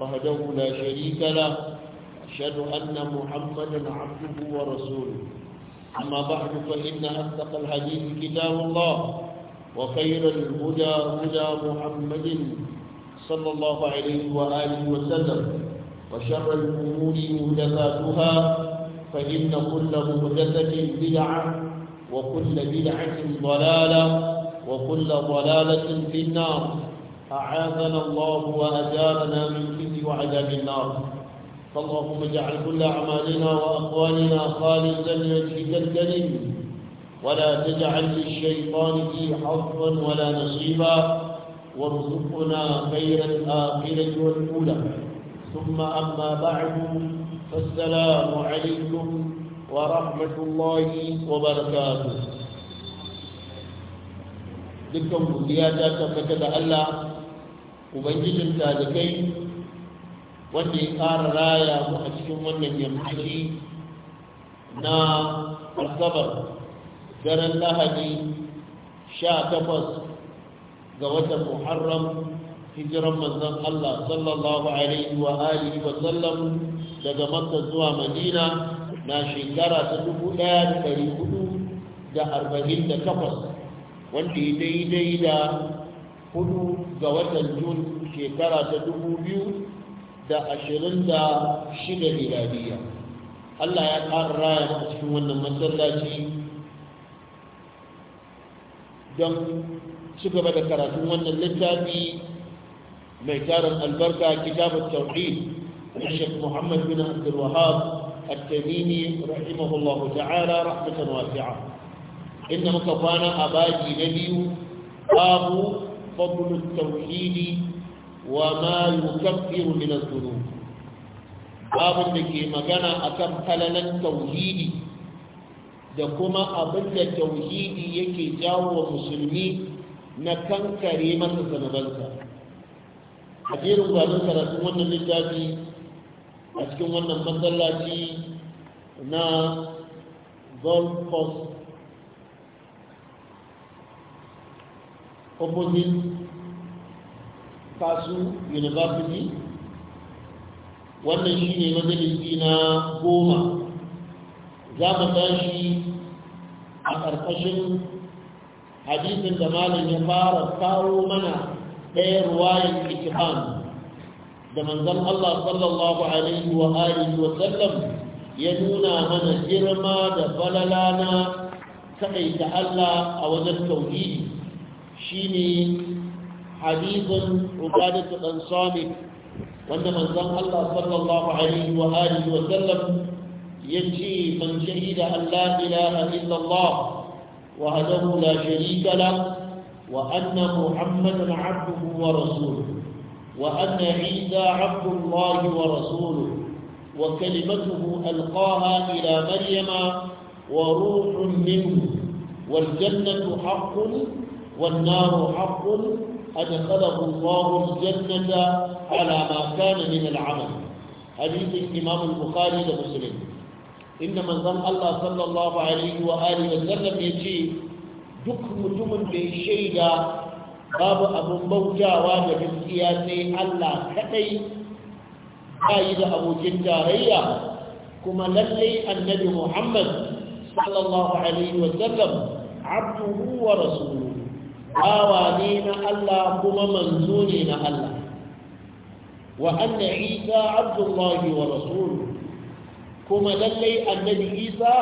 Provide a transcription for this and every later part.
وهدوه لا شريك له أشهد أن محمدا عبده ورسوله أما بعد فإن أصدق الحديث كتاب الله وخير الهدى هدى محمد صلى الله عليه وآله وسلم وشر الأمور مهدفاتها فإن كل مهدفة بدعة وكل بدعة ضلالة وكل ضلالة في النار أعاذنا الله وأجارنا من خزي وعذاب النار فاللهم اجعل كل أعمالنا وأقوالنا خالصا لوجهك الكريم ولا تجعل للشيطان في حظا ولا نصيبا وارزقنا خير الآخرة والأولى ثم أما بعد فالسلام عليكم ورحمة الله وبركاته لكم زيادة ta الله ubangijin talibai wanda ya ƙara raya mu a cikin wannan yammaci na asabar daren lahadi sha takwas ga watan muharram hijiran manzon Allah sallallahu alaihi wa alihi wa sallam daga makka zuwa madina na shekara ta dubu ɗaya da ɗari hudu da arba'in da takwas wanda ya daidai da hudu ga watan jun shekara ta dubu biyu da ashirin da shida miladiya allah ya ƙara raya a cikin wannan masallaci don ci gaba da karatun wannan littafi mai tarin albarka kitabun tauhid na shek muhammad bin abdulwahab التميمي رحمه الله تعالى رحمة واسعة إنما na biyu نبي باب فضل التوحيد وما يكفر من الذنوب باب دكي مغانا أكم فلنا التوحيد da kuma abin da tauhidi yake jawo wa musulmi na kankare masa zanabansa a jerin gwanin karatun wannan littafi a cikin wannan matsalaci na gold coast opposite kasu university wannan shi ne majalisi na goma za mu tashi a ƙarƙashin hadisin da malam ya fara kawo mana ɗaya ruwayin ikibam da manzan Allah sallallahu alaihi wa alihi wa sallam ya nuna mana girma da falala na kaɗaita Allah a wajen tauhidi shine hadisin ubadatu dan samit wanda manzon Allah sallallahu alaihi wa alihi wa sallam yace man shahida an la ilaha illa Allah wahdahu la sharika la wa anna muhammadan abduhu wa rasuluhu wa anna isa abdu Allah wa rasuluhu وكلمته ألقاها إلى مريم وروح منه والجنة حق والنار حق أدخله الله الجنة على ما كان من العمل حديث الإمام البخاري ومسلم إن من ظن الله صلى الله عليه وآله وسلم يجي دك متم بشيدا باب أبو موجا واجب السياسي الله كتي قائد أبو جنجارية كما للي النبي محمد صلى الله عليه وسلم عبده ورسوله bawa ne na Allah kuma manzo ne na Allah wa anna Isa abdullahi wa rasuluhu kuma lallai annabi Isa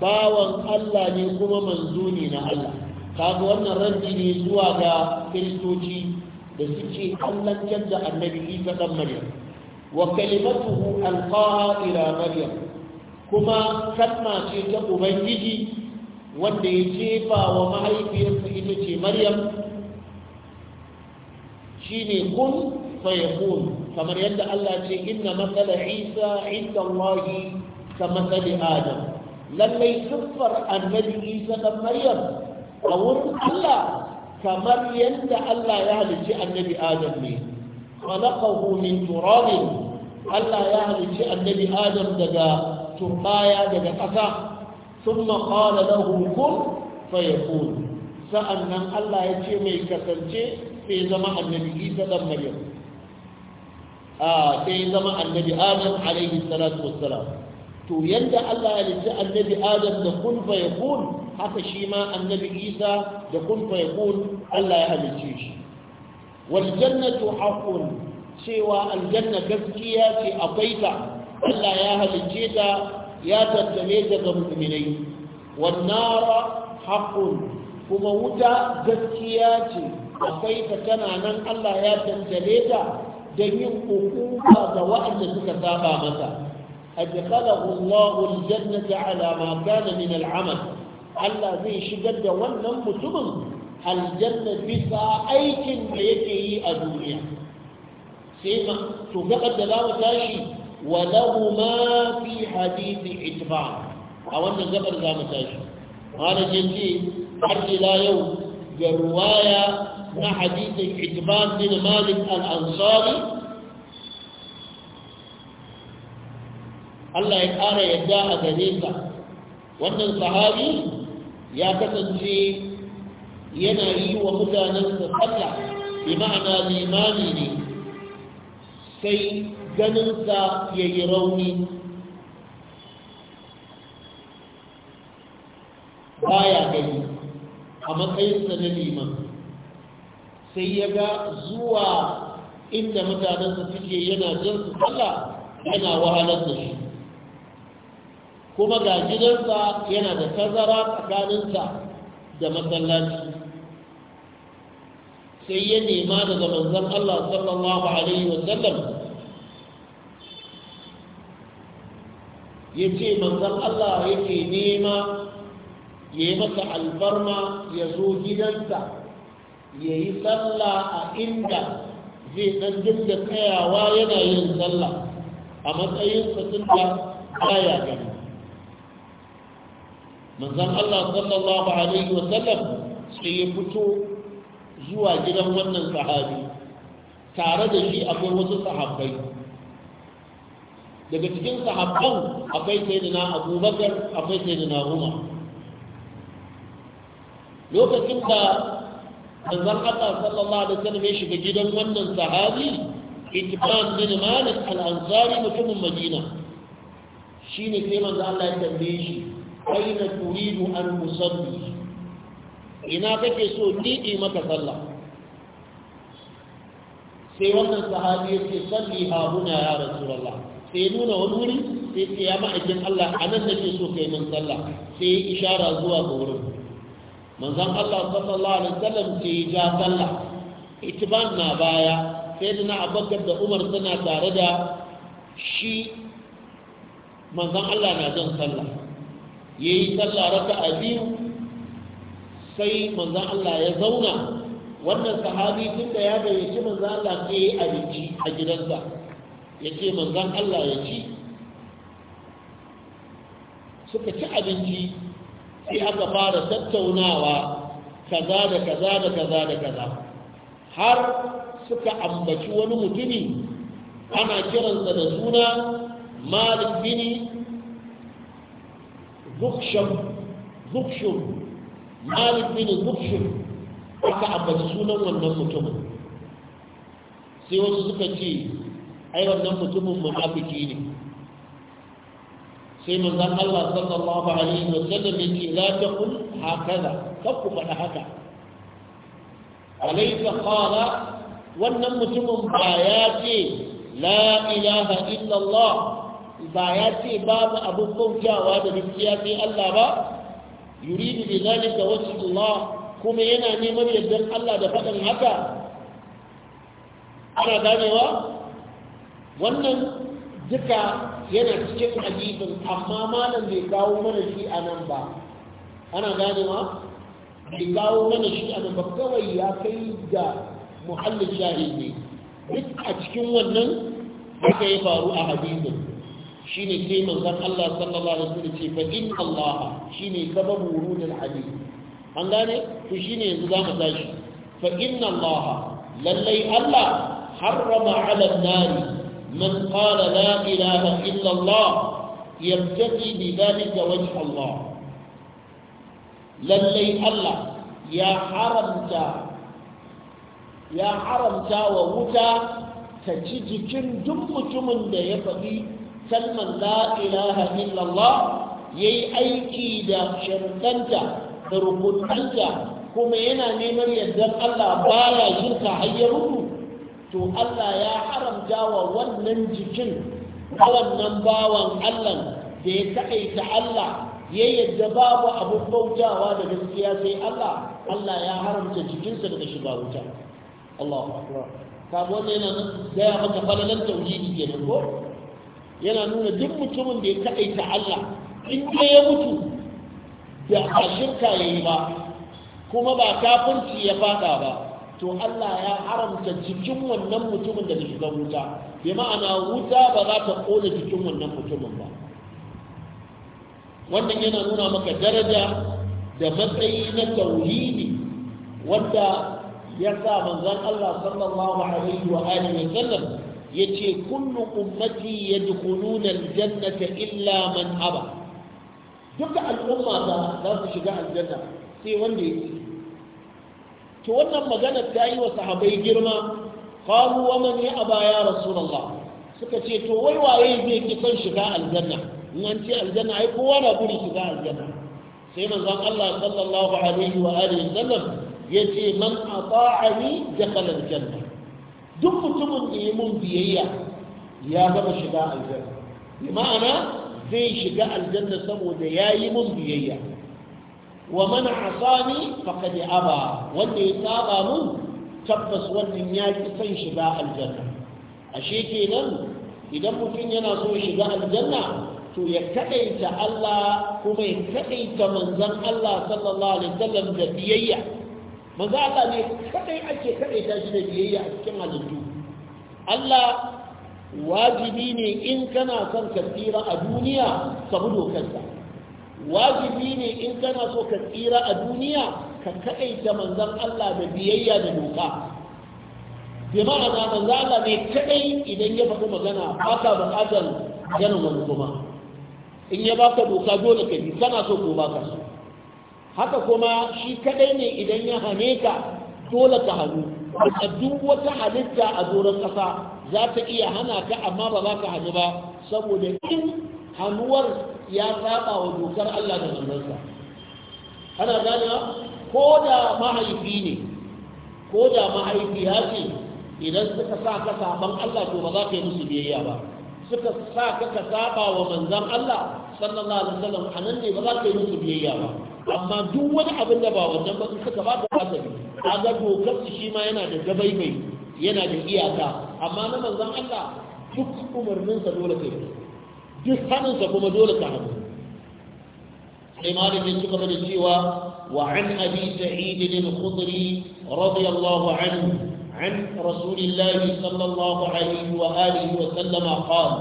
bawan Allah ne kuma manzo ne na Allah kaga wannan raddi ne zuwa ga kiristoci da suke allancar da annabi Isa dan Maryam wa kalimatuhu alqaha ila Maryam kuma kalma ce ta ubangiji wanda ya jefa wa mahaifiyarsa ita ce maryam shine kun fayakun kamar yadda Allah ce inna matsala isa inda Allah ta matsali adam lallai siffar annabi isa dan maryam a wurin Allah kamar yadda Allah ya halicci annabi adam ne khalaqahu min turabin Allah ya halicci annabi adam daga turbaya daga ƙasa ثم قال له kun. فيكون sa'annan Allah ya ce mai kasance sai zama annabi Isa dan Maryam a sai zama annabi Adam alaihi salatu wassalam to yanda Allah ya ce annabi Adam da kun fayakun haka shi ma annabi Isa da kun fayakun Allah ya halice shi wal jannatu haqqun cewa aljanna gaskiya ce akwai ta Allah ya halice ta ya tattare ta ga mu'minai wan nara haqqun kuma wuta gaskiya ce akwai ta tana nan Allah ya tattale ta da yin hukuma ga waɗanda suka saba masa adkhalahu Allahu aljannata ala ma kana min al'amal Allah zai shigar da wannan mutumin aljanna bisa aikin da yake yi a duniya sai ma to gabar da mu tashi wa lahu ma fi hadithi itba a wannan gabar za mu tashi malamin ce har ila yau ga ruwaya na hadithin itba bin malik al-ansari Allah ya ƙara yadda a gare wannan sahabi ya kasance yana yi wa mutanensa sallah bi ma'ana limani ne sai ganinsa ya yi rauni Ba ya gani a matsayinsa na liman sai ya ga zuwa inda mutanensa suke yana jan su kalla yana wahalar da shi kuma ga gidansa yana da tazara tsakaninsa da masallaci sai ya nema daga manzan Allah sallallahu Alaihi wasallam ya ce manzan Allah yake nema ya yi masa albarma ya zo gidansa ya yi tsalla a inda zai ɗan da kayawa yana yin tsalla a matsayinsa tun da gani manzan Allah sallallahu alaihi wasallam sai ya fito zuwa gidan wannan sahabi tare da shi akwai wasu sahabbai daga cikin sahabban akwai sayyidina abubakar akwai sayyidina umar lokacin da manzon Allah sallallahu alaihi wasallam ya shiga gidan wannan sahabi Itban bin Malik al-Ansari mutumin Madina shine sai manzon Allah ya tambaye shi aina turidu an musalli ina kake so ni maka sallah sai wannan sahabi ya ce salli ha huna ya rasulullah sai nuna wani wuri sai ce ya ma'aikin Allah a nan nake so kai min sallah sai ya ishara zuwa ga wurin manzon Allah sallallahu alaihi wasallam sai ya ja sallah itiban na baya sai da na abakar da Umar suna tare da shi manzon Allah na jan sallah yayi sallah raka'a biyu sai manzon Allah ya zauna wannan sahabi tunda ya gayyaci manzon Allah sai ya abinci a gidansa ya ce manzan Allah ya ci suka ci abinci sai aka fara tattaunawa kaza da kaza da kaza da kaza har suka ambaci wani mutumi ana kiransa da suna malik bini zukshum malik bini zukshum aka ambaci sunan wannan mutumin sai wasu suka ce ai wannan mutumin munafiki ne sai manzon Allah sallallahu alaihi wa sallam yake la taqul hakaza kakku faɗa haka alaysa qala wannan mutumin ba ya ce la ilaha illallah ba ya ce babu abin bautawa da gaskiya sai Allah ba yuridu bi zalika wajhu Allah kuma yana neman yardar Allah da faɗin haka ana ganewa wannan duka yana cikin hadisin amma malam bai kawo mana shi a nan ba ana gane ma bai kawo mana shi a nan ba kawai ya kai ga muhallin shahid ne duk a cikin wannan haka yi faru a hadisin shine sai manzon Allah sallallahu alaihi wasallam ce fa in Allah shine sababu wurudul hadith an gane to shine yanzu zamu tashi fa inna Allah lallai Allah harrama 'ala an-nari من قال لا إله إلا الله يبتغي بذلك وجه الله للي الله يا حرمتا يا حرمتا ووتا تجي كن دم تمن ده يفقي كلمة لا إله إلا الله يي أيكي دا شرطنتا بركنتا كما ينا نيمر يدد الله بالا يركا حيروه to Allah ya haramta wa wannan jikin wannan bawan Allah da ya ta'aita Allah ya yadda babu abin bautawa da gaskiya sai Allah Allah ya haramta jikinsa daga shiga wuta Allahu akbar kaga wannan yana gaya maka falalan tauhidi nan ko yana nuna duk mutumin da ya ta'aita Allah in ya mutu da a shirka ya yi ba kuma ba kafinci ya fada ba to Allah ya haramta jikin wannan mutumin daga shiga wuta bi ma'ana wuta ba za ta kona jikin wannan mutumin ba wannan yana nuna maka daraja da matsayi na tauhidi wanda ya sa manzon Allah sallallahu alaihi wa alihi sallam yace kullu ummati yadkhuluna aljannata illa man aba duka al'umma za su shiga aljanna sai wanda yake to wannan maganar ta yi wa sahabai girma qalu wa man ya aba ya suka ce to wai waye zai ki son shiga aljanna in an ce aljanna ai kowa na guri shiga aljanna sai manzon Allah sallallahu alaihi wa alihi sallam yace man ata'ani dakhala aljanna duk mutumin da ya mun biyayya ya gama shiga aljanna ma'ana zai shiga aljanna saboda yayi mun biyayya wa man asani faqad aba wanda ya saba mun tabbas wannan ya ƙi son shiga aljanna ashe kenan idan mutum yana so shiga aljanna to ya kadaita Allah kuma ya kadaita manzan Allah sallallahu alaihi wasallam da biyayya manzo Allah ne kaɗai ake kadaita shi da biyayya a cikin halittu Allah wajibi ne in kana son kasira a duniya saboda kansa wajibi ne in kana so ka tsira a duniya ka kaɗaita manzan Allah da biyayya da doka bi ma'ana manzan Allah ne kaɗai idan ya faɗi magana ba ka buƙatar ganin wani kuma in ya baka doka dole ka bi kana so ko baka so haka kuma shi kaɗai ne idan ya hane ka dole ka hannu a duk wata halitta a doron ƙasa za ta iya hana ka amma ba za ka hannu ba saboda in hannuwar ya saba wa dokar Allah da manzansa ana gane ko da mahaifi ne ko da mahaifi ya ce idan suka sa ka saban Allah to ba za ka yi musu biyayya ba suka sa ka ka saba wa manzan Allah sallallahu alaihi wasallam nan ne ba za ka yi musu biyayya ba amma duk wani abin da ba wannan ba suka ba ka asali kaga dokar shi ma yana da mai yana da iyaka amma na manzan Allah duk umarninsa dole kai duk hannunsa kuma dole ka hannu sai maliki suka bada cewa wa an abi sa'id al عن رسول الله صلى الله عليه وآله وسلم قال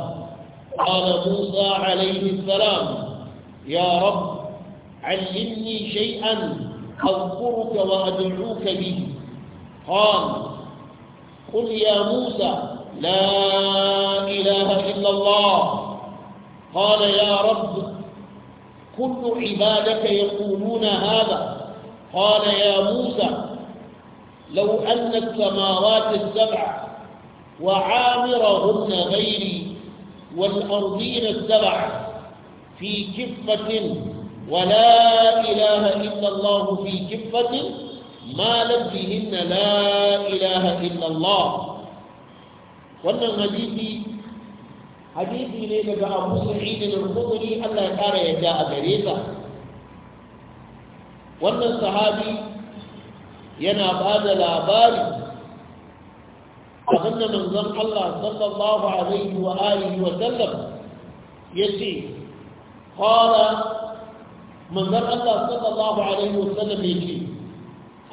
قال موسى عليه السلام يا رب علمني شيئا أذكرك وأدعوك به قال قل يا موسى لا إله إلا الله قال يا رب كل عبادك يقولون هذا قال يا موسى لو أن السماوات السبع وعامرهن غيري والأرضين السبع في كفة ولا إله إلا الله في كفة ما لديهن لا إله إلا الله وأن hadisi hadisi ne daga abu sa'id al-khudri Allah ya kara yadda a gare sa wannan sahabi yana ba da labari abinda manzon Allah sallallahu alaihi wa alihi wa sallam yace qala manzon Allah sallallahu alaihi wa sallam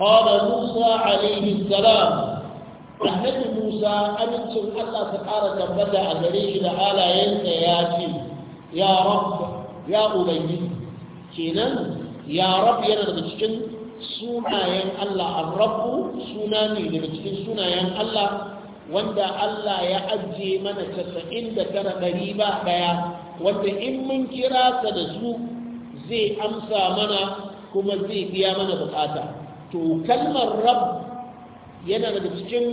Musa salam annabi musa amincin allah ta ƙara tabbata a gare shi da halayensa ya ce ya ya ubangiji kenan ya yana daga cikin sunayen allah arrabu suna ne daga cikin sunayen allah wanda allah ya ajiye mana casa'in da tara ɗari ba ɗaya wanda in mun kira sa da su zai amsa mana kuma zai biya mana bukata to kalmar rab yana daga cikin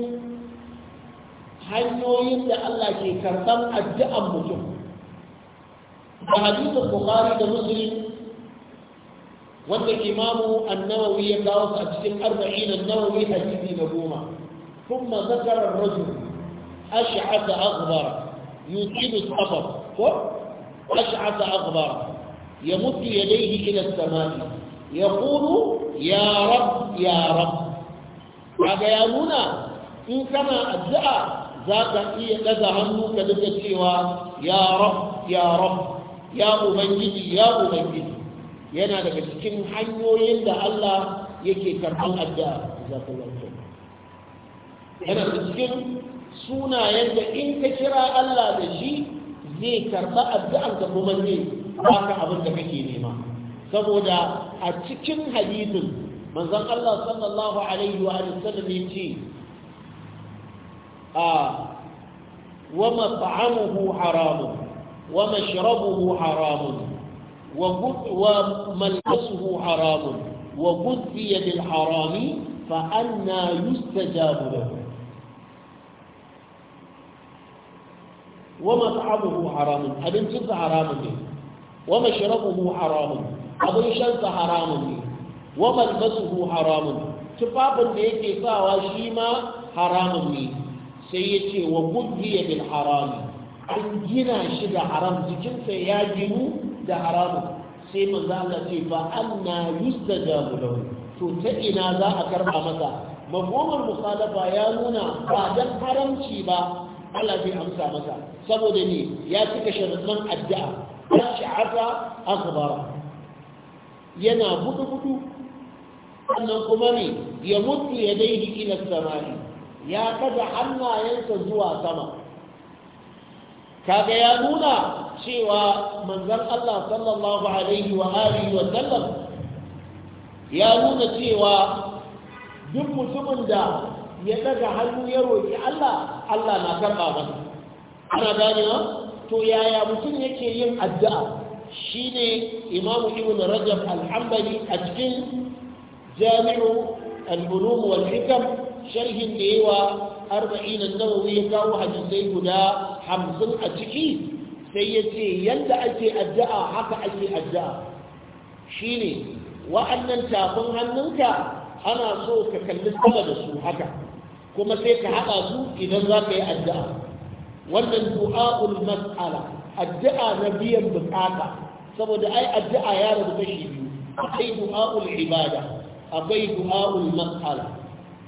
hanyoyin da Allah ke karɓar addu'an mutum da hadisin Bukhari da Muslim wanda imamu annawawi ya kawo su a cikin arba'in annawawi hadisi na goma kuma zakarar rajul ash'ata aghbar yusibu safar ko ash'ata aghbar yamuddu yadayhi ila as-samai yaqulu ya rab ya rab kaga ya nuna in kana addu'a za ka iya ɗaga hannu ka duka cewa ya rab ya rab ya ubangiji ya ubangiji yana daga cikin hanyoyin da Allah yake karɓar addu'a za ka yana da cikin sunayen da in ka kira Allah da shi zai karɓa addu'ar da kuma zai baka abin da kake nema saboda a cikin hadisin manzon Allah sallallahu alaihi wa sallam yace a wa mat'amuhu haramun wa mashrabuhu haramun وملبسه حرام وغذي بالحرام فأنا يستجاب له ومطعمه حرام أبن سنس حرام ومشربه حرام أبن شنس ne wa malbasuhu haramun tufafin da yake sawa shi ma haramun ne sai ya ce wa gudhiya bil harami an gina shi da haram jikinsa ya ginu da haramun sai manzo Allah ce fa anna yustajabu lahu to ta ina za a karba masa mafhumul musalafa ya nuna ba dan haramci ba Allah zai amsa masa saboda ne ya cika sharuɗin addu'a ya shi'ata akhbara yana budu budu sannan kuma ne ya mutu ya dai ila samani ya kada hannayensa zuwa sama kaga ya nuna cewa manzan Allah sallallahu alaihi wa alihi wa sallam ya nuna cewa duk mutumin da ya daga hannu ya roki Allah Allah na karɓa masa ana ganewa to yaya mutum yake yin addu'a shine imamu ibnu rajab al-hanbali a cikin jami'u al-ulum wal hikam sharhin da yawa 40 an-nawawi ya kawo hadisai guda 50 a ciki sai yace yanda ake addu'a haka ake addu'a shine wa'annan tafin hannunka ana so ka kalli sama da su haka kuma sai ka haɗa su idan za ka yi addu'a wannan du'a'ul mas'ala addu'a na biyan bukata saboda ai addu'a ya rabu kashi biyu akwai du'a'ul ibada akwai du'a'ul mas'ala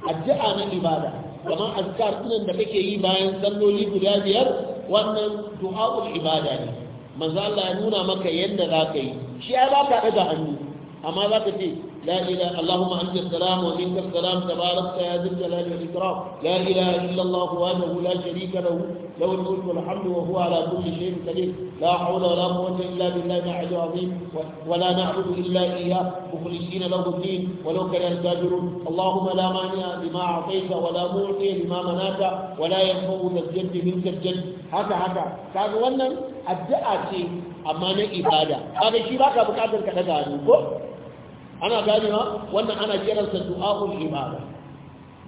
addu'a na ibada kamar azkar tunan da kake yi bayan salloli guda biyar wannan du'a'ul ibada ne manzo Allah ya nuna maka yadda za ka yi shi ya ba ka daga hannu amma za ka ce la ilaha allahumma anta salam wa minka salam tabarakta ya zul jalali wal ikram la ilaha illa allah wahdahu la sharika lahu lahu al mulku wal hamdu wa huwa ala kulli shay'in qadir la hawla wa la quwwata illa billahi al ali azim wa la na'budu illa iyyah مخلصين له الدين ولو كره الكافرون اللهم لا مانع لما اعطيت ولا معطي لما منعت ولا ينفع ذا الجد منك الجد haka haka kaga wannan addu'a ce amma na ibada kaga shi baka bukatar ka daga hannu ko ana ganewa wannan ana kiransa du'a'ul ibada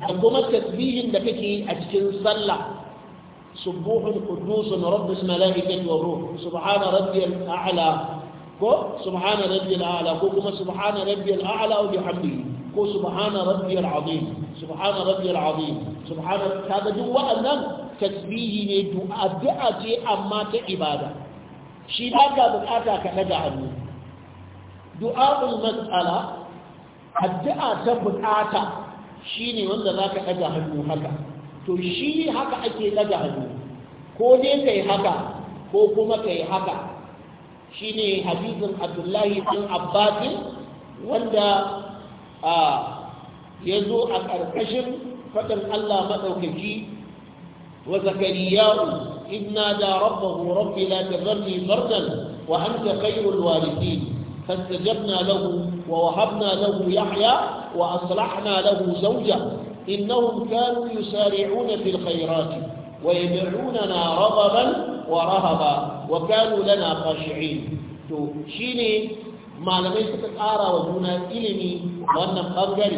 da kuma tasbihin da kake a cikin sallah subuhun qudusun rabbus malaikati wa ruh subhana rabbiyal a'la ko subhana rabbiyal a'la ko kuma subhana rabbiyal a'la wa bihamdihi ko subhana rabbiyal azim subhana rabbiyal azim subhana kaga duk wa'annan tasbihi ne du'a ce amma ta ibada shi ba ga bukata ka daga hannu du'a'ul mas'ala addu'a ta bukata shine wanda zaka daga hannu haka to shi haka ake daga hannu ko dai kai haka ko kuma kai haka shine hadisin Abdullahi bin Abbas wanda ya zo a ƙarƙashin faɗin Allah maɗaukaki wa zakariya'u إذ نادى ربه رب لا تذرني فردا وأنت خير الوارثين فاستجبنا له ووهبنا له يحيى وأصلحنا له زوجه إنهم كانوا يسارعون في الخيرات ويدعوننا رغبا ورهبا وكانوا لنا خاشعين شيني ما لم يستطع آرى wa juna وأنا wannan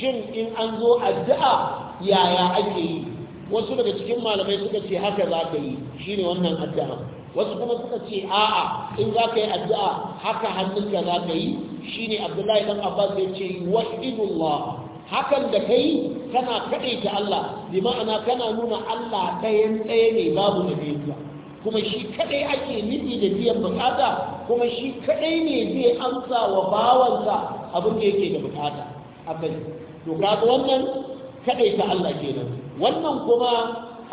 شن إن أنزو أدعى يا يا yaya wasu daga cikin malamai suka ce haka za ka yi shine wannan addu'a wasu kuma suka ce a'a in za ka yi addu'a haka hannunka za ka yi shine abdullahi dan abbas ya ce wahidullah hakan da yi kana kaɗaita Allah bi ma'ana kana nuna Allah ɗayan ɗaya ne babu da kuma shi kaɗai ake nufi da biyan bukata kuma shi kaɗai ne zai amsa wa bawansa abin da yake da bukata a kai to kaga wannan kaɗaita Allah kenan wannan kuma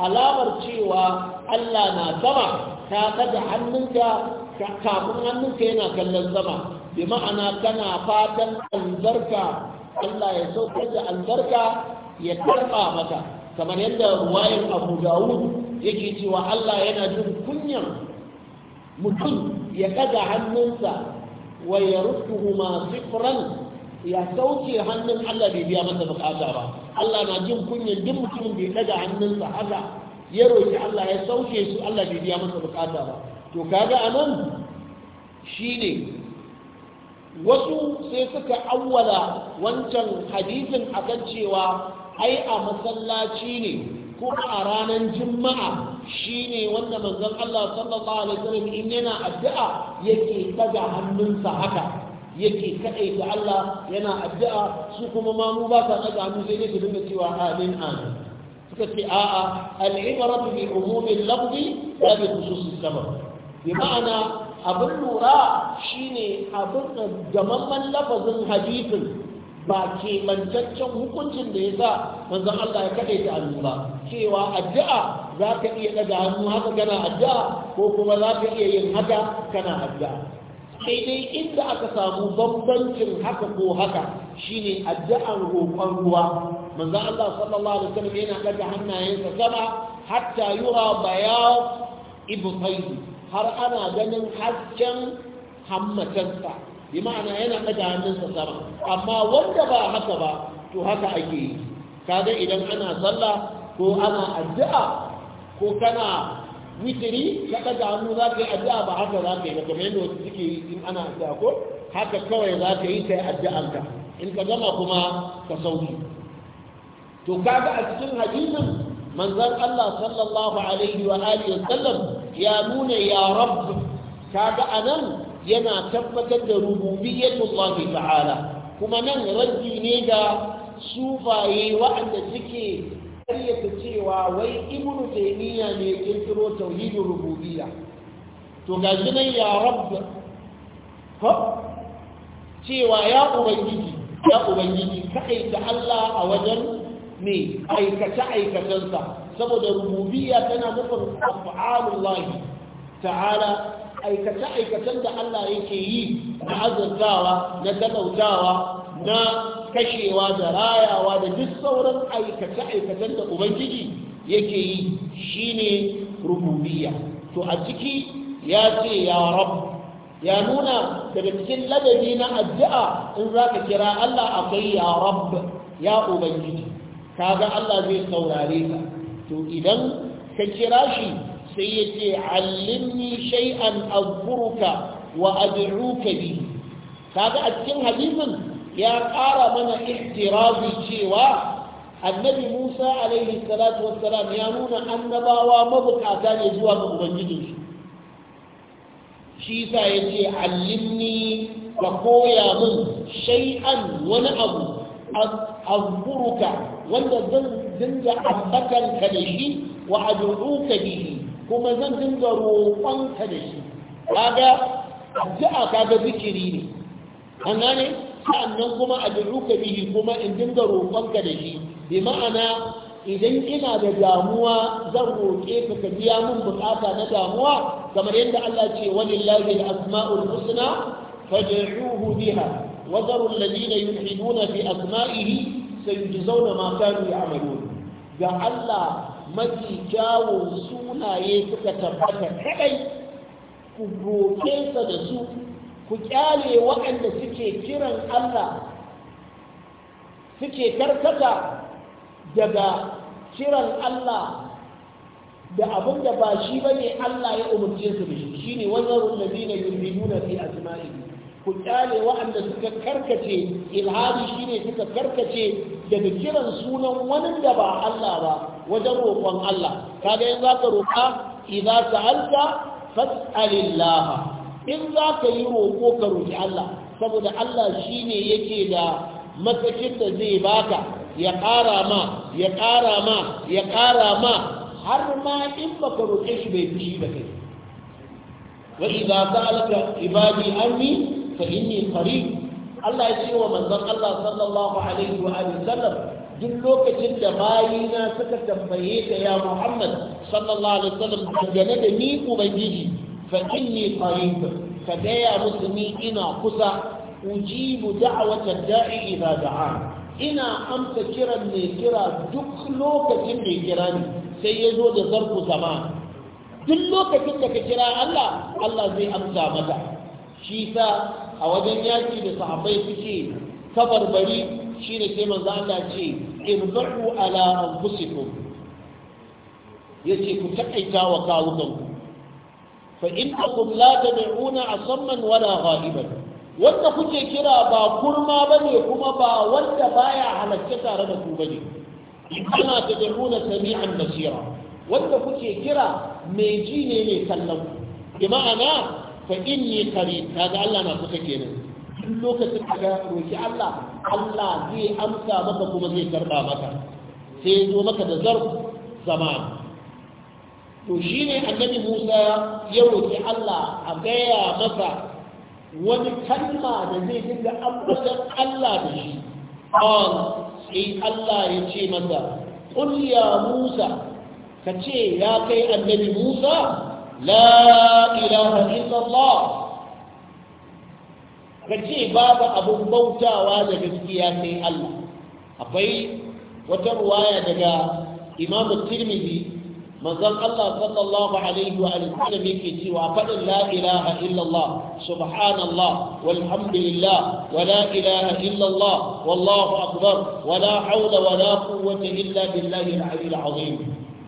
alamar cewa Allah na sama ta kada hannunka kafin hannunka yana kallon sama bi ma'ana kana fatan albarka Allah ya saukar da albarka ya karɓa mata kamar yadda ruwayar abu dawud yake cewa Allah yana jin kunyan mutum ya kada hannunsa wa ya rufuhu ma sifran ya sauke hannun Allah bai biya masa bukata ba Allah na jin kunya duk mutumin da ya daga hannunsa haka ya roki Allah ya sauke su Allah bai biya masa bukata ba to kaga anan shine wasu sai suka awwala wancan hadisin akan cewa ai a masallaci ne ko a ranar juma'a shine wanda manzon Allah sallallahu alaihi wasallam in yana addu'a yake daga hannunsa haka yake kadai da Allah yana addu'a su kuma ma mu ba ta ɗaga hannu sai dai su dinga cewa amin amin suka ce a'a al'ibaratu bi umumin lafzi la bi khususi sabab bi ma'ana abin lura shine abin gamamman lafazin hadisin ba keɓantaccen hukuncin da ya sa manzon Allah ya kadai ta hannu ba cewa addu'a za ka iya ɗaga hannu haka kana addu'a ko kuma za ka iya yin haka kana addu'a sai dai inda aka samu bambancin haka ko haka shine addu'an roƙon ruwa manzo Allah sallallahu alaihi wasallam yana daga hannayensa sama hatta yura bayad ibtayhi har ana ganin hasken hammatansa bi ma'ana yana daga hannunsa sama amma wanda ba haka ba to haka ake yi kaga idan ana sallah ko ana addu'a ko kana witiri ka ɗaga hannu za ka yi addu'a ba haka za ka yi ba yadda wasu suke yi in ana addu'a ko haka kawai za ka yi kai addu'anka in ka gama kuma ka sauki to kaga a cikin hadisin manzon Allah sallallahu alaihi wa alihi wa sallam ya nuna ya rabb kaga anan yana tabbatar da rububiyatullahi ta'ala kuma nan raki ne ga sufaye waɗanda suke karyata cewa wai ibnu taymiya ne kirkiro tauhidin rububiyya to ga shi nan ya rabb ko cewa ya ubangiji ya ubangiji kai ta Allah a wajen ne aikata aikatansa, saboda rububiyya tana nufin af'alullahi ta'ala aikace aikacen da Allah yake yi na azantawa na talautawa na kashewa da rayawa da duk sauran aikace-aikacen da ubangiji yake yi shine rububiyya to a ciki ya ce ya rabu ya nuna daga cikin ladabi na addu'a in za ka kira Allah akwai ya rabu ya ubangiji kaga Allah zai saurare ka to idan ka kira shi sai ya ce allimni shay'an azkuruka wa ad'uka bi kaga a cikin hadisin ya ƙara mana ihtirazi cewa annabi musa alaihi salatu wassalam ya nuna annabawa mabukata ne zuwa ga ubangijinsu shi sa ya ce allimni ka koya min shay'an wani abu azburuka wanda zan dinga ambatanka da shi wa ad'uka bihi kuma zan dinga roƙonka da shi kaga addu'a kaga zikiri ne an gane sa'annan kuma a duruka bihi kuma in dinga roƙonka da shi bi ma'ana idan ina da damuwa zan roƙe ka ka biya mun bukata na damuwa kamar yadda Allah ce walillahi al-asma'ul husna fad'uhu biha wa dharu alladhina yulhiduna fi asma'ihi sayujzauna ma a ya'malun ga Allah mafi kyawun sunaye suka tabbata kadai ku roƙe sa da su ku kyale waɗanda suke kiran Allah suke karkata daga kiran Allah da abin da ba shi ba ne Allah ya umarce su da shi shi ne wazarun da zina yulmiyuna fi asma'i ku kyale waɗanda suka karkace ilhadi shi ne suka karkace daga kiran sunan wani da ba Allah ba wajen roƙon Allah kaga yanzu ka roƙa idza sa'alta fas'alillah in za ka yi roƙo ka roƙi Allah saboda Allah shi ne yake da matsakin da zai baka ya ƙara ma ya ƙara ma ya ƙara ma har ma in baka roƙe shi bai fi shi ba kai wa idza sa'alaka ibadi anni fa inni qarib Allah ya ce wa manzon Allah sallallahu alaihi wa alihi sallam duk lokacin da bayina suka tambaye ka ya Muhammad sallallahu alaihi wasallam dangane da ni ubangiji fa inni qarib ka gaya musu ni ina kusa ujibu da'wata da'i idza da'a ina amsa kiran mai kira duk lokacin da kira ni sai ya zo da zarfu sama duk lokacin da ka kira Allah Allah zai amsa maka shi sa a wajen yaki da sahabbai suke kabarbari shine sai manzo Allah ce irbu ala anfusikum yace ku takaita wa kawukanku fa innakum la tad'una asamman wala ba. wanda kuke kira ba kurma bane kuma ba wanda baya halarci tare da ku bane kana tad'una sami'an basira wanda kuke kira mai ji ne mai kallon bi ma'ana fa inni qarib kaga Allah na kusa kenan duk lokacin da ka roki Allah Allah zai amsa maka kuma zai karba maka sai zo maka da zarf zaman to shi ne annabi musa ya roƙi allah a gaya masa wani kalma da zai dinga ambatan allah da shi on sai allah ya ce masa ƙulya musa ka ce ya kai annabi musa la ilaha illallah ka ce babu abin bautawa da gaskiya sai allah akwai wata ruwaya daga imam tirmidhi manzon Allah sallallahu alaihi wa sallam yake cewa fadin la ilaha illallah subhanallah walhamdulillah wa la ilaha illallah wallahu akbar wa la hawla wa la quwwata illa billahi al-ali al-azim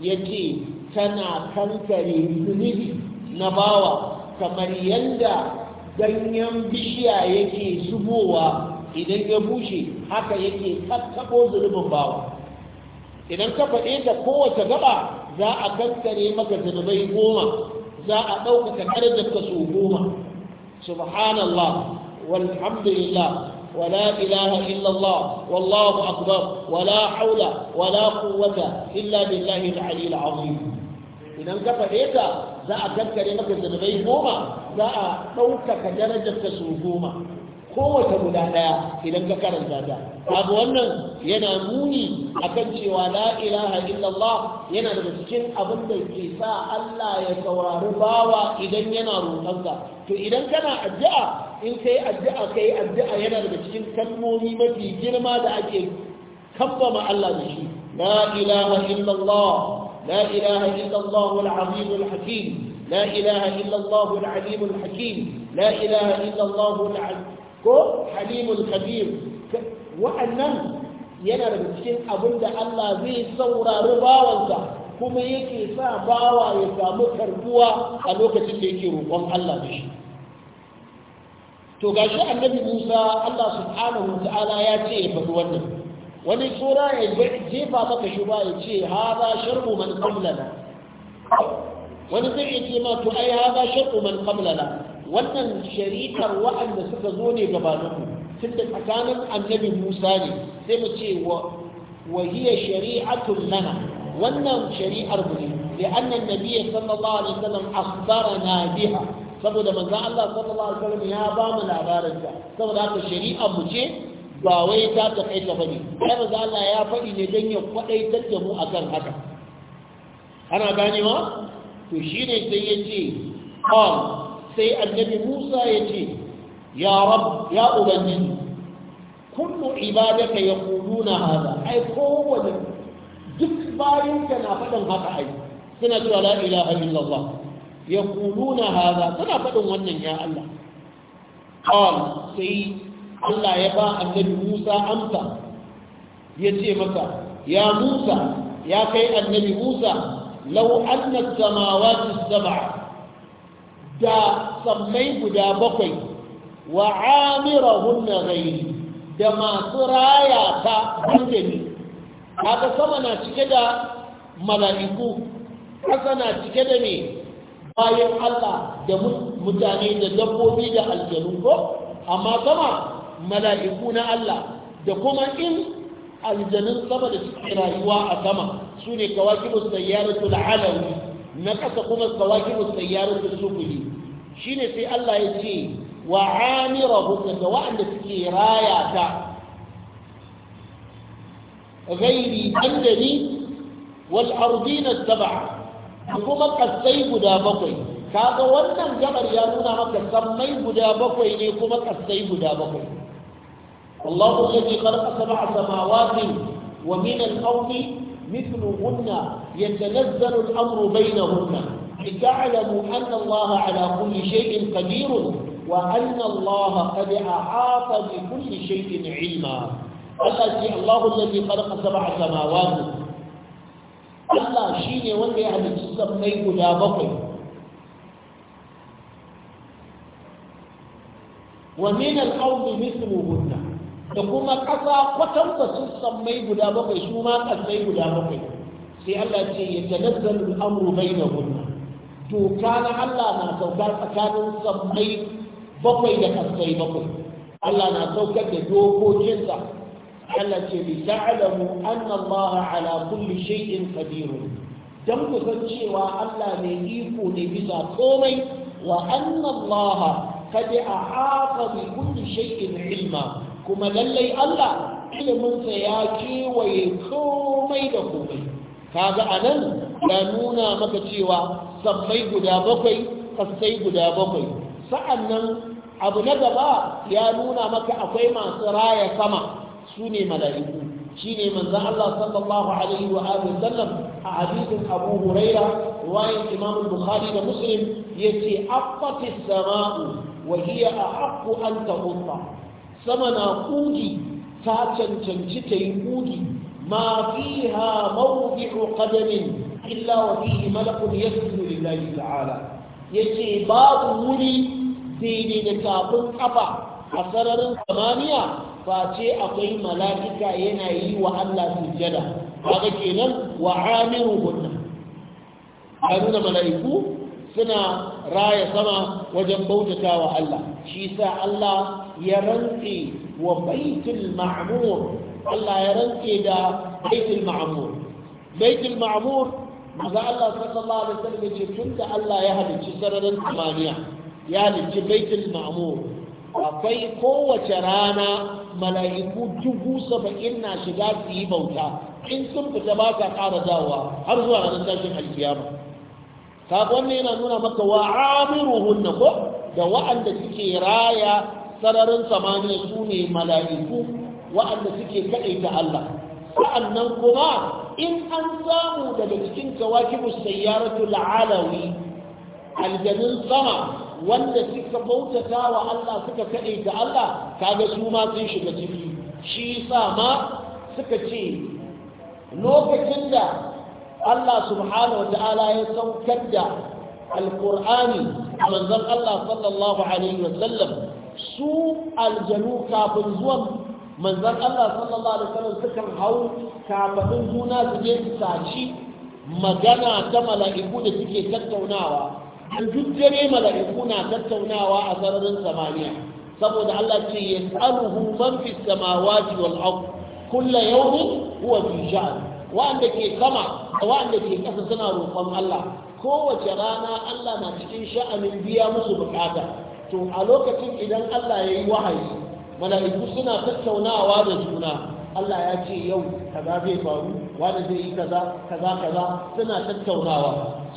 yace tana kankare zunubi na bawa kamar yanda ganyen bishiya yake zubowa idan ya bushe haka yake tattabo zunubin bawa idan ka faɗe ta kowace gaba za a kankare maka zunubai goma za a ɗaukaka darajarka su goma subhanallah walhamdulillah ولا إله إلا الله والله أكبر ولا حول ولا قوة إلا بالله العلي العظيم ka faɗe za a kankare maka zunubai goma za a ɗaukaka darajarka su goma kowace guda ɗaya idan ka karanta ta abu wannan yana muni akan cewa la ilaha illallah yana daga cikin abin da ke sa Allah ya saurari bawa idan yana roƙonsa to idan kana addu'a in kai addu'a kai addu'a yana daga cikin kalmomi mafi girma da ake kambama Allah da shi la ilaha illallah la ilaha illallah al-azim al-hakim ilaha illallah إلا الله العليم الحكيم لا إله إلا الله العليم ko halimul kabir wa'annan yana da cikin abin da Allah zai saurari bawansa kuma yake sa bawa ya samu karbuwa a lokacin da yake roƙon Allah da shi to gashi annabi Musa Allah subhanahu ta'ala ya ce ya faɗi wannan wani tsora ya jefa maka shi ba ya ce "Ha haza sharru man qablana wani zai ce ma to ai haza sharru man qablana wannan shari'ar waɗanda suka zo ne gabaninku tun da tsakanin annabi musa ne sai mu ce wa hiya shari'atun lana wannan shari'ar mu ne لأن النبي صلى الله عليه وسلم أخبرنا بها saboda manzon Allah sallallahu alaihi wasallam ya ba mu labarin ta saboda haka shari'ar mu ce ba wai ta ta kai ta bane sai Allah ya faɗi ne dan ya kwadaitar da mu akan haka ana ganewa to shine sai yace qal sai annabi musa ya ce ya rab ya ubangiji kullu ibadaka na haza. ai kowanne duk bayan ka na faɗin haka ai suna cewa la ilaha illallah na haza suna faɗin wannan ya Allah qal sai Allah ya ba annabi Musa amsa ya ce maka. ya Musa ya kai annabi Musa law anna as-samawati saba da sammai guda bakwai wa amirahunna ghairi da masu raya ta banda Haka sama na cike da mala'iku ƙasa na cike da ne bayan Allah da mutane da dabbobi da aljanu ko amma sama mala'iku na Allah da kuma in aljanun sama da suke rayuwa a sama su ne kawakibus da yaratul na kasa kuma kawakibu sayyarar da sufuri shi ne sai Allah ya ce wa amirahum da wa'anda suke raya ta ghairi bandani wal ardina sab'a kuma kasai guda bakwai kaga wannan gabar ya nuna maka sammai guda bakwai ne kuma kasai guda bakwai Allahu alladhi khalaqa sab'a samawati wa min al-ardi مثلهن يتنزل الأمر بينهن لتعلموا أن الله على كل شيء قدير وأن الله قد أحاط بكل شيء علما الذي الله الذي خلق سبع سماوات الله ولي على جسم تسمى لا بطل ومن القوم مثلهن da kuma ƙasa kwatanta sun sammai guda bakwai su ma ƙasai guda bakwai sai Allah ce ya tanazzalu al'amru bainahunna doka na Allah na sauka tsakanin sammai bakwai da ƙasai bakwai Allah na saukar da dokokinsa Allah ce bi ta'lamu anna Allah ala kulli shay'in qadir dan ku san cewa Allah ne iko ne bisa komai wa anna Allah qad a bi kulli shay'in ilma kuma lallai Allah iliminsa ya kewaye komai da komai kaga anan ya nuna maka cewa sabbai guda bakwai kasai guda bakwai sa'annan abu na gaba ya nuna maka akwai masu raya sama su ne mala'iku shi ne manzan Allah sallallahu alaihi wa alihi sallam a hadisin Abu Huraira riwayar Imam Bukhari da Muslim yace affatis sama'u wa hiya ahqqu an tahutta sama na kugi ta cancanci ta yi kugi ma fiha mawdi'u qadamin illa wa fihi malakun yasjudu lillahi ta'ala ce babu wuri daidai da tafin kafa a sararin samaniya face akwai mala'ika yana yi wa Allah sujjada kaga kenan wa amiru hunna haruna mala'iku suna raya sama wajen bautata wa Allah shi sa Allah ya rantse wa baitul ma'mur Allah ya rantse da baitul ma'mur baitul ma'mur maza Allah sallallahu alaihi wasallam ya ce tunda Allah ya halicci sararin samaniya ya halicci baitul ma'mur akwai kowace rana mala'iku dubu saba'in na shiga su yi bauta in sun fita ba ka ƙara dawa har zuwa ranar tashin alkiyama ta wannan yana nuna maka wa amiruhun ko da wa'anda suke raya sararin samaniya su ne mala'iku wa'anda suke kaɗaita Allah sa'annan kuma in an samu daga cikin kawakibu sayyaratu la'alawi aljanin sama wanda suka bautata wa Allah suka kaɗaita Allah kaga su ma sun shiga ciki shi sa ma suka ce lokacin da Allah subhanahu wa ta'ala ya saukar da alkur'ani a manzon Allah sallallahu alaihi wa sallam su aljanu kafin zuwan manzan Allah sallallahu alaihi wasallam sukan hau kafin juna su je su saci magana ta mala'iku da suke tattaunawa an mala'iku na tattaunawa a sararin samaniya saboda Allah ce ya tsaruhu man fi samawati wal ard kullu yawmin huwa fi sha'n wanda ke sama wanda ke kasa suna roƙon Allah kowace rana Allah na cikin sha'anin biya musu buƙata. to a lokacin idan Allah ya yi wahayi mala'iku suna tattaunawa da juna Allah ya ce yau kaza zai faru wani zai yi kaza kaza kaza suna tattaunawa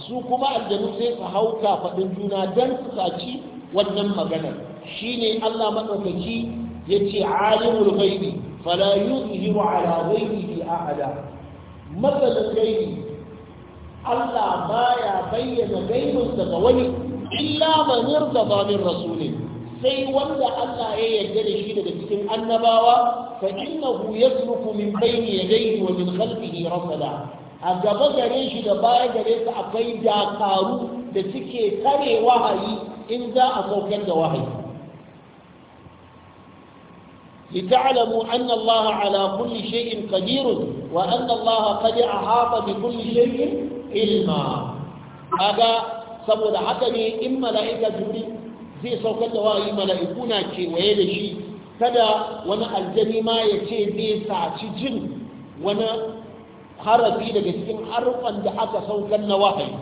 su kuma aljanu sai su hau kafaɗin juna don su saci wannan maganar shine Allah maɗaukaki ya ce alimul ghaibi fala yuzhiru ala ghaibihi ahada matsalin gaibi Allah baya bayyana gaibinsa ga wani illa man irtada min rasulin sai wanda Allah ya yarda da shi daga cikin annabawa fa innahu yasluku min bayni yadayhi wa min khalfihi rasala a gaba gare shi da baya gare su akwai dakaru da suke tare wahayi in za a saukar da wahayi لتعلموا أن الله على كل شيء قدير وأن الله قد أحاط بكل شيء علما هذا saboda haka ne in mala'ika jibril zai saukar da wahayi mala'iku na kewaye da shi kada wani aljani ma ya ce zai saci jin wani harafi daga cikin harfan da aka saukar na wahayi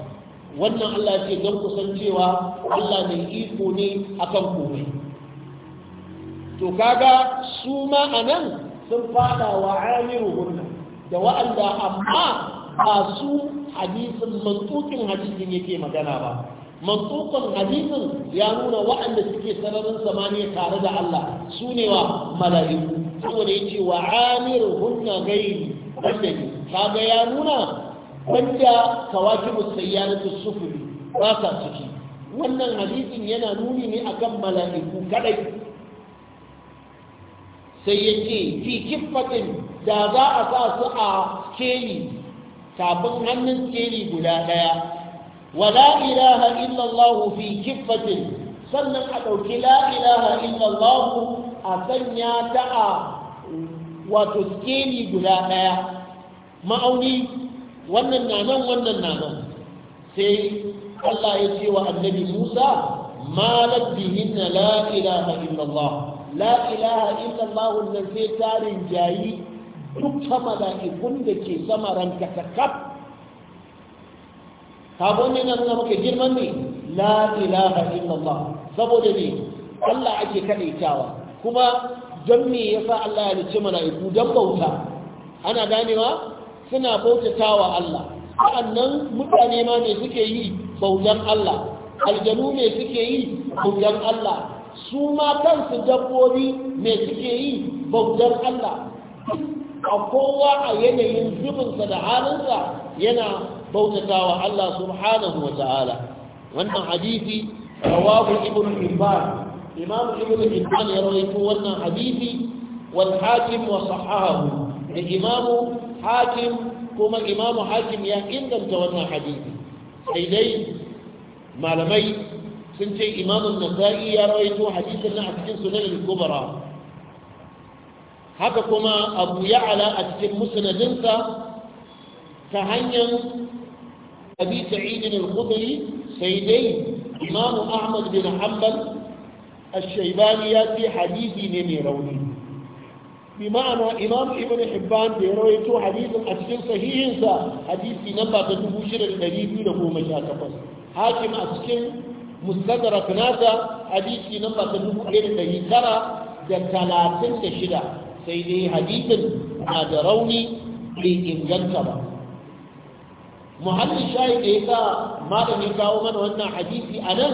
wannan Allah ya ce don kusan cewa Allah mai iko ne akan komai to kaga su ma anan sun fada wa amiru da wa'anda amma a su hadisin mantukin hadisin yake magana ba mantukan hadisin ya nuna waɗanda suke sararin samaniya tare da Allah su ne wa mala'iku saboda ya ce wa amiru hunna gairi wanda ne kaga ya nuna wanda kawakibu su sufuri ba sa ciki wannan hadisin yana nuni ne akan mala'iku kadai sai ya ce fi kiffatin da za a sa su a keli Kafin hannun tsiri guda ɗaya wala ilaha illallahu fi kiffatin sannan a ɗauki la ilaha illallahu a sanya ta a wato tsiri guda ɗaya ma'auni wannan na nan wannan na nan sai Allah ya ce wa annabi Musa ma labbihinna la ilaha illallah la ilaha illallah wannan sai tarin jayi duk mala'ikun da ke sama ranka ta kaf sabon yana nuna maka girman ne la ilaha illallah saboda ne Allah ake kadaitawa kuma don me yasa Allah ya rice mala'iku don bauta ana ganewa suna bautatawa Allah sa'annan mutane ma ne suke yi bautan Allah aljanu ne suke yi bautan Allah su ma kansu dabbobi ne suke yi bautan Allah a kowa a yanayin zubinsa da halinsa yana bautata wa Allah subhanahu wa ta'ala wannan hadisi rawahu ibn hibban imam ibn hibban ya rawaito wannan hadisi wal hakim wa sahahahu da imam hakim kuma imam hakim ya inganta wannan hadisi sai dai malamai sun ce imam an-nasa'i ya rawaito hadisin na a cikin sunan al-kubra haka kuma abu ya'ala a cikin musnadinsa ta hanyar abi sa'idin al-khudri sai dai imam ahmad bin hanbal al-shaybani ya ce hadisi ne mai rauni bi ma'ana imam ibn hibban da ya rawaito hadisin a cikin sahihinsa hadisi namba ta 6218 hakim a cikin mustadrak nasa hadisi namba ta 1936 سيدي حديث حاضروني في إنجل كبه محل الشاهد إيسا ما لم يكاو من وانا حديثي أنا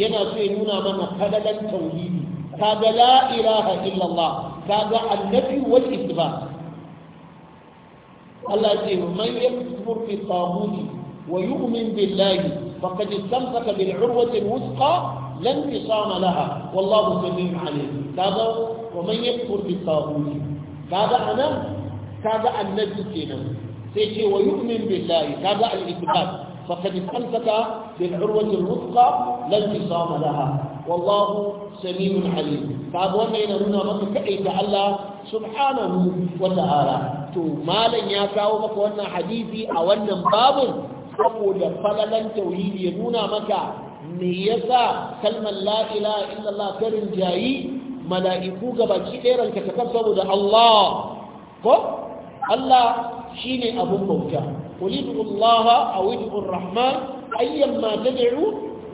ينا سينونا من خلل التوحيد كاد لا إله إلا الله كاد النبي والإثبات الله سيه من يكبر في الطاغوت ويؤمن بالله فقد استمسك بالعروة الوثقى لن تصام لها والله سميع عليه هذا wa man yakfur bi tawuti kaga anan kaga annabi kenan sai ce wa yu'min billahi kaga al-ithbat faqad istamsaka bil urwati al-wuthqa la intisama laha wallahu samiun alim kaga wannan yana nuna maka kai ta Allah subhanahu wa ta'ala to malan ya kawo maka wannan hadisi a wannan babun saboda falalan tauhidi ya nuna maka me yasa kalmar la ilaha illallah karin jayi mala'iku gabaki ɗaya ranka ta saboda Allah ko Allah shine abun bauta ulidu Allah aw ulidu Rahman ayyan ma ta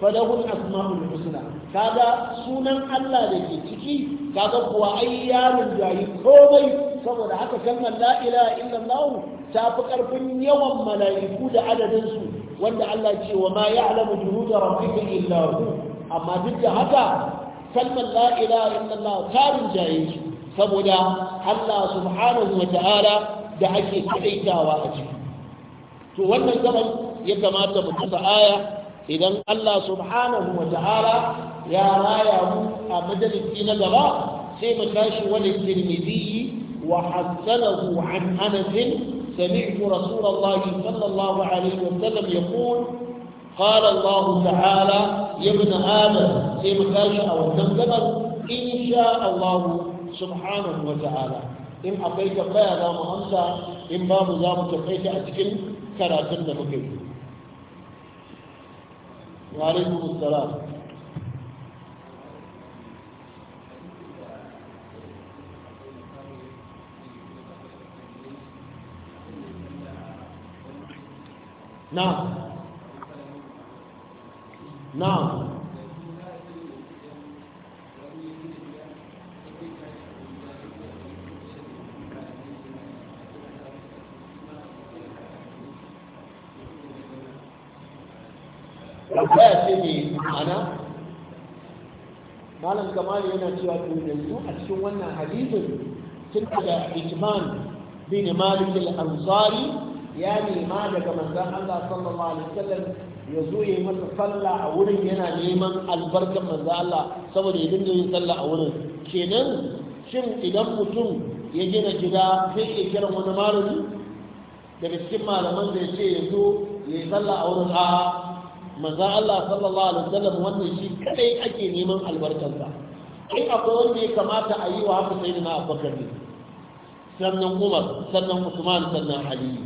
falahu al-asma'ul husna kaga sunan Allah da ke ciki kaga kuwa ayyamin jayi komai saboda haka kalmar la ilaha illallah ta fi karfin yawan mala'iku da adadin su wanda Allah ce wa ma ya'lamu junuda rabbika illa hu amma duk da haka kalmar la ilaha allah ta rinjaye shi saboda Allah subhanahu wa ta'ala da ake kaɗaitawa a ciki to wannan zaman ya kamata mu kasa aya idan Allah subhanahu wa ta'ala ya raya mu a majalisi na gaba sai mu tashi wani tirmidhi wa hasanahu an anas sami'tu rasulullahi sallallahu alaihi wa sallam yaqul قال الله تعالى يا ابن آدم زي ما قالش أو النمذبر إن شاء الله سبحانه وتعالى إن أعطيت فيا دام أمسى إن باب دام تبقيك أتكل كراتن مكي وعليكم السلام نعم نعم tambaya ce ne ma'ana malam kamal yana cewa to yanzu a cikin wannan hadisin tun daga ijman bin malik al-ansari ya nema daga manzon Allah sallallahu alaihi wasallam ya zo ya yi masa sallah a wurin yana neman albarkar manzo Allah saboda ya dinga yin sallah a wurin kenan shin idan mutum ya gina gida sai ya kira wani malami daga cikin malaman da ya ce ya zo ya yi sallah a wurin a'a manzo Allah sallallahu alaihi wasallam wannan shi kadai ake neman albarkarsa in akwai wanda ya kamata a yi wa haka sai na Abubakar ne sannan Umar sannan Usman sannan Ali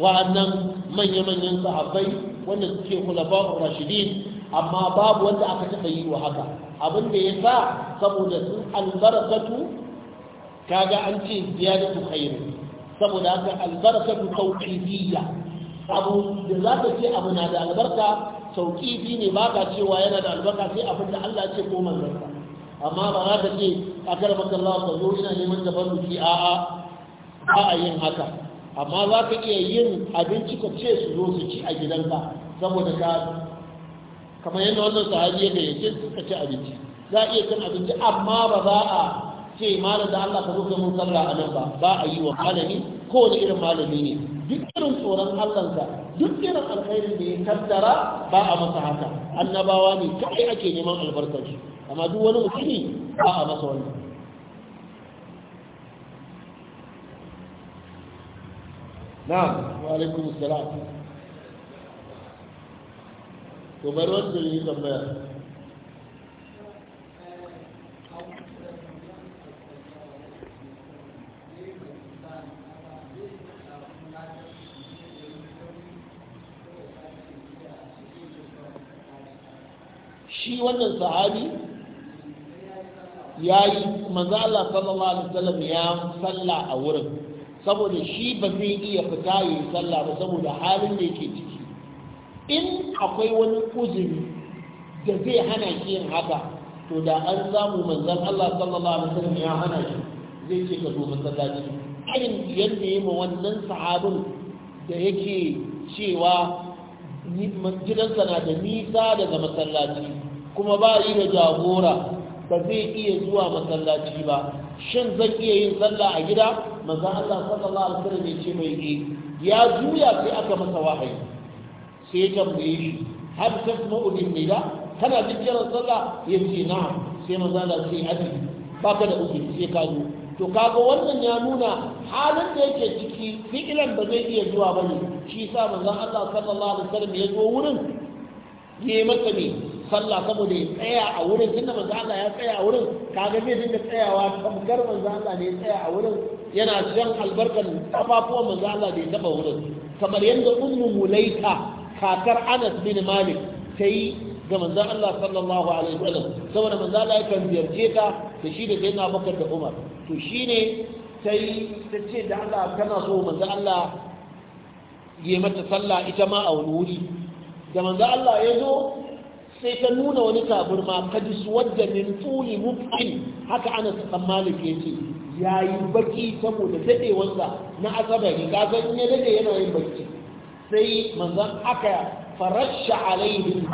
wa'annan manya-manyan sahabbai wanda suke khulafa'ur rashidin amma babu wanda aka taɓa yi wa haka abin da ya sa saboda sun albarakatu kaga an ce ziyadatu khairu saboda haka albarakatu tawqifiyya abu da za ka ce abu na da albarka tawqifi ne ba ka cewa yana da albarka sai abin da Allah ce ko manzon amma ba za ka ce a karɓar Allah ka zo ina neman tabarruki a'a ba a yin haka amma za ka iya yin abinci ka ce su zo su ci a gidanka saboda ka kamar yadda wannan sahabi ya gayyace su ka ci abinci za a iya cin abinci amma ba za a ce malam da Allah ka zo mun sallah a nan ba ba a yi wa malami ko wani irin malami ne duk irin tsoron Allahnka duk irin alkhairin da ya kaddara ba a masa haka annabawa ne kai ake neman albarkarsu amma duk wani mutumi ba a masa wannan na'am wa alaikum salam to bari wanda yi tambaya shi wannan sahabi ya yi manzo Allah sallallahu alaihi wasallam ya salla a wurin saboda shi ba zai iya fita yi sallah ba saboda halin da yake ciki in akwai wani uzuri da zai hana shi yin haka to da an samu manzan Allah sallallahu alaihi wasallam ya hana shi zai ce ka zo masallaci irin yadda ya ma wannan sahabin da yake cewa gidansa na da nisa daga masallaci kuma ba yi da jagora ba zai iya zuwa masallaci ba shin zan iya yin sallah a gida manzo Allah sallallahu alaihi wasallam ya ce mai eh ya juya sai aka masa wahayi sai ya tambaye shi hal tasma'u bin nida kana jin kiran sallah ya ce na? sai manzo Allah ya ce hadi baka da uku sai ka zo to kaga wannan ya nuna halin da yake ciki fi'ilan ba zai iya zuwa bane shi yasa manzo Allah sallallahu alaihi wasallam ya zo wurin je masa ne sallah saboda ya tsaya a wurin tunda manzo Allah ya tsaya a wurin kaga zai dinga tsayawa tamkar manzo Allah ne ya tsaya a wurin yana jan albarkar kafafuwan manzo Allah da ya taba wurin kamar yadda ummu mulaika kakar Anas bin Malik ta yi ga manzan Allah sallallahu alaihi wasallam saboda manzan Allah yakan ziyarce ta da shi da sayyidina Abubakar da Umar to shine sai ta ce da Allah kana so manzan Allah ya mata sallah ita ma a wani wuri da manzo Allah ya zo sai ta nuna wani taburma kadis wadda min tuli mubqin haka Anas bin Malik yace yayi baki saboda wanda na asabari kaga in ya dade yana yin baki sai manzo aka farasha alaihi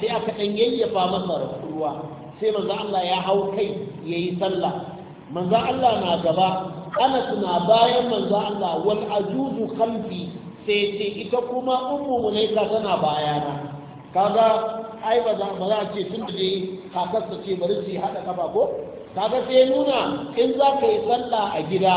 sai aka dan yayyafa masa ruwa sai manzo Allah ya hau kai yayi sallah manzo Allah na gaba Anas na bayan manzo Allah wal ajuzu khalfi sai ce ita kuma ne mulaika tana bayana kaga ai ba za a ce tun da dai kakarsa ce bari su haɗa kafa ko kaga sai nuna in za ka yi sallah a gida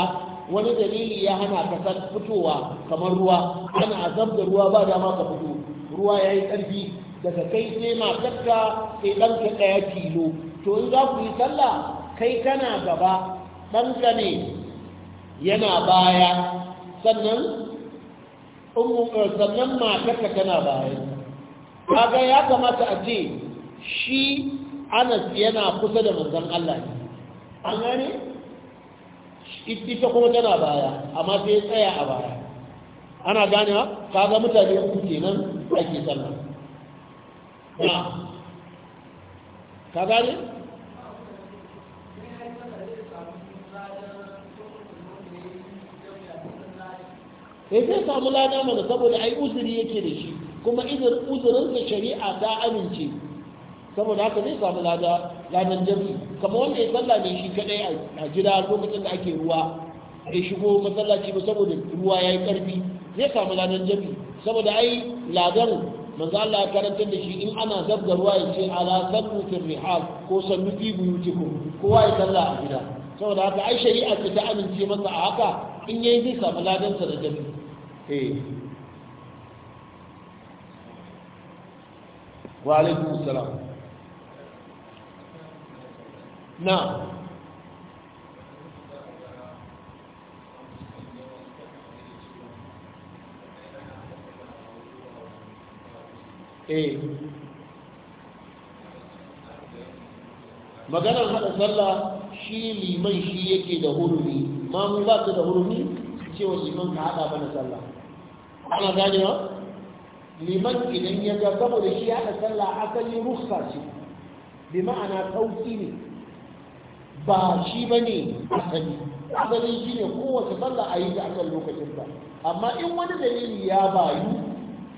wani dalili ya hana ka fitowa kamar ruwa Kana azab da ruwa ba dama ka fito ruwa ya yi ƙarfi daga kai sai matarka sai ka ɗaya tilo. to in za ku yi sallah kai kana gaba ɗanka ne yana baya sannan sannan matarka tana bayan kaga ya kamata a ce shi anas yana kusa da manzan Allah ne an gane ita kuma tana baya amma sai tsaya a baya ana ganewa kaga mutane uku kenan ake sallah ka gane ya zai samu lada mana saboda ai uzuri yake da shi kuma izir uzurin da shari'a ta amince saboda haka zai samu lada ladan jami kamar wanda ya sallah ne shi kadai a gida lokacin da ake ruwa ya shigo masallaci ba saboda ruwa ya yi karfi zai samu ladan jami saboda ai ladan manzo Allah ya karanta da shi in ana zabga ruwa ya ce ala sallu fil rihal ko sallu fi buyutikum kowa ya sallah a gida saboda haka ai shari'a ta amince masa a haka in yayi zai samu ladan sa da jami'i eh wa na eh. maganar haɗa sallah shi liman shi yake da hurumi ma mu ba su da hurumi cewa liman ka haɗa bana sallah ana ganewa liman idan ya ga saboda shi ya da sallah asali rukhsa ce bi ma'ana sauki ne ba shi bane asali asali shi ne kowace sallah a yi da akan lokacin ba amma in wani dalili ya bayu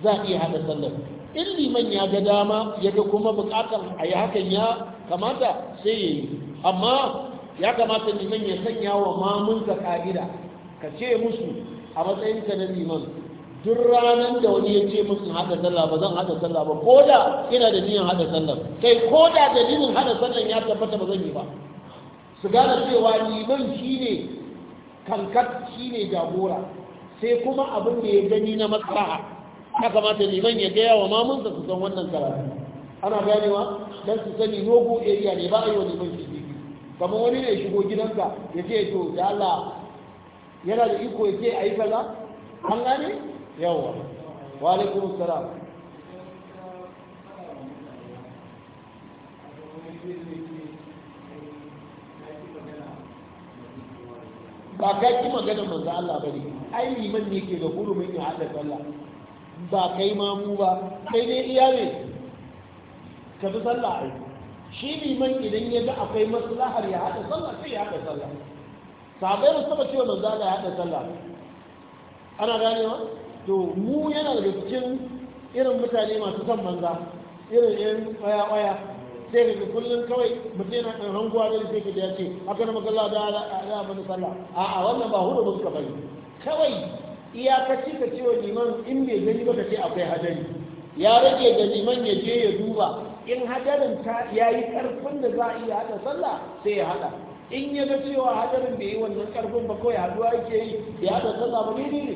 za a iya hada sallar in liman ya ga dama ya ga kuma bukatar a yi hakan ya kamata sai ya yi amma ya kamata liman ya sanya wa mamunka ka'ida ka ce musu a matsayinka na liman duk ranar da wani ya ce musu haɗa sallah ba zan haɗa sallah ba ko da ina da niyan haɗa sallah kai ko da dalilin haɗa sallah ya tabbata ba zan yi ba su gane cewa liman shine kankat shine jagora sai kuma abin da ya gani na maslaha ya kamata liman ya gaya wa mamunsa su san wannan karatu ana ganewa dan su sani nogo area ne ba a yi wa liman shi kamar wani ne shigo gidanka ya ce to da Allah yana da iko ya ce a yi kaza an gane yawa wa alaikum salam ba ka ki magana manzo Allah bane ai liman ne ke da hurumin ya hada sallah ba kai ma mu ba kai ne iya ne ka bi sallah ai shi liman idan ya ga akwai maslahar ya hada sallah sai ya hada sallah sabai ba saba cewa manzo Allah ya hada sallah ana ganewa to mu yana da cikin irin mutane masu son banza irin yan waya-waya sai ga kullum kawai mutum yana ɗan da sai ke ya ce haka na makalla da ala abin sallah a'a wannan ba hudu muka bari kawai iyakaci ka ce wa liman in bai gani ba ka ce akwai hadari ya rage da liman ya je ya duba in hadarin ta ya yi ƙarfin da za a iya haɗa sallah sai ya haɗa in ya ga cewa hadarin bai yi wannan ƙarfin ba kawai haɗuwa yake yi ya haɗa sallah ba ne ne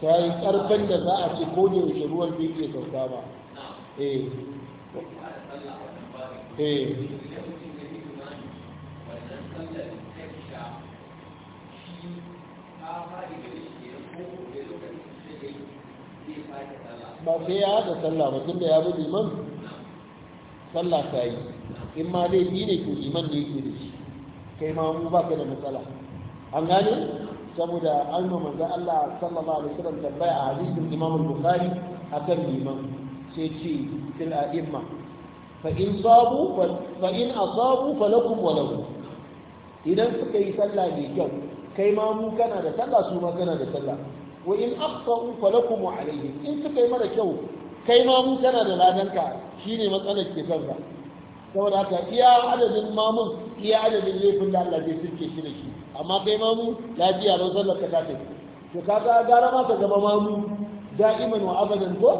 ta yi karfin da za a ce ko da yaushe ruwan bai ke sauka ba eh. eh ba sai ya haɗa sallah ba tun da ya bi liman sallah ta yi in ma dai yi ne ko liman ne ke da shi kai ma mu ba ka da matsala an gane saboda an yi manzan Allah sallallahu alaihi wasallam tambaya a hadisin Imam Bukhari akan liman sai ce fil a'imma fa in sabu fa in asabu falakum wa lahum idan suka yi sallah mai kyau kai ma mu kana da sallah su ma kana da sallah wa in aqsa'u falakum wa alaihim in suka yi mara kyau kai ma mu kana da ladanka shine matsalar ke kanka saboda haka iya adadin mamun iya adadin laifin da Allah zai sirke shi da shi amma kai mamu lafiya don sallar ka tafi to kaga gara ma ka zama mamu da'iman wa abadan ko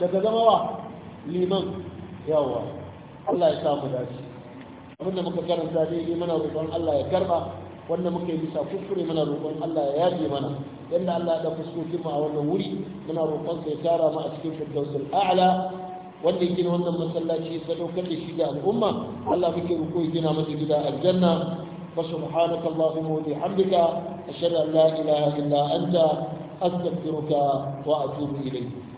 daga zama wa liman yawa Allah ya samu dace abinda muka karanta daidai mana roƙon Allah ya karba wanda muka yi bisa kuskure mana roƙon Allah ya yaje mana yanda Allah ya da fuskokin mu a wannan wuri muna roƙon sa ya tara mu a cikin firdausul a'la wanda gina wannan masallaci sadaukar da shi ga al'umma Allah muke roƙo ya gina masa gida aljanna فسبحانك اللهم وبحمدك أشهد أن لا إله إلا أنت أستغفرك وأتوب إليك